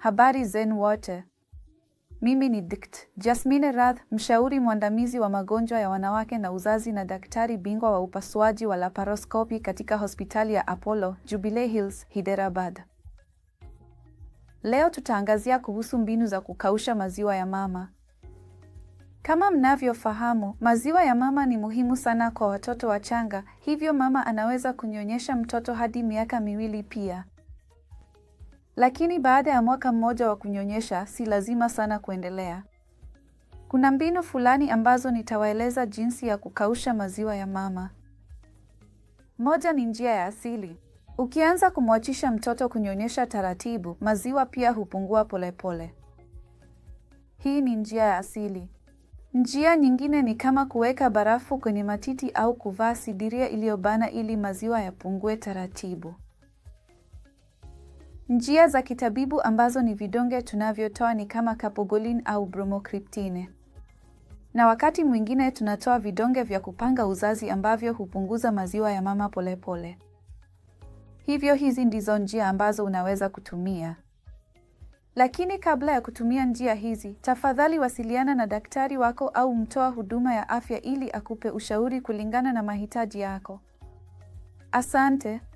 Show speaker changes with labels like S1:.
S1: Habari zenu wote. Mimi ni Dkt. Jasmine Rath, mshauri mwandamizi wa magonjwa ya wanawake na uzazi na daktari bingwa wa upasuaji wa laparoskopi katika hospitali ya Apollo, Jubilee Hills, Hyderabad. Leo tutaangazia kuhusu mbinu za kukausha maziwa ya mama. Kama mnavyofahamu, maziwa ya mama ni muhimu sana kwa watoto wachanga, hivyo mama anaweza kunyonyesha mtoto hadi miaka miwili pia lakini baada ya mwaka mmoja wa kunyonyesha si lazima sana kuendelea. Kuna mbinu fulani ambazo nitawaeleza jinsi ya kukausha maziwa ya mama. Moja ni njia ya asili. Ukianza kumwachisha mtoto kunyonyesha taratibu, maziwa pia hupungua polepole pole. Hii ni njia ya asili. Njia nyingine ni kama kuweka barafu kwenye matiti au kuvaa sidiria iliyobana ili maziwa yapungue taratibu. Njia za kitabibu ambazo ni vidonge tunavyotoa ni kama Caprolactin au Bromocriptine. Na wakati mwingine tunatoa vidonge vya kupanga uzazi ambavyo hupunguza maziwa ya mama polepole pole. Hivyo hizi ndizo njia ambazo unaweza kutumia. Lakini kabla ya kutumia njia hizi, tafadhali wasiliana na daktari wako au mtoa huduma ya afya ili akupe ushauri kulingana na mahitaji yako. Asante.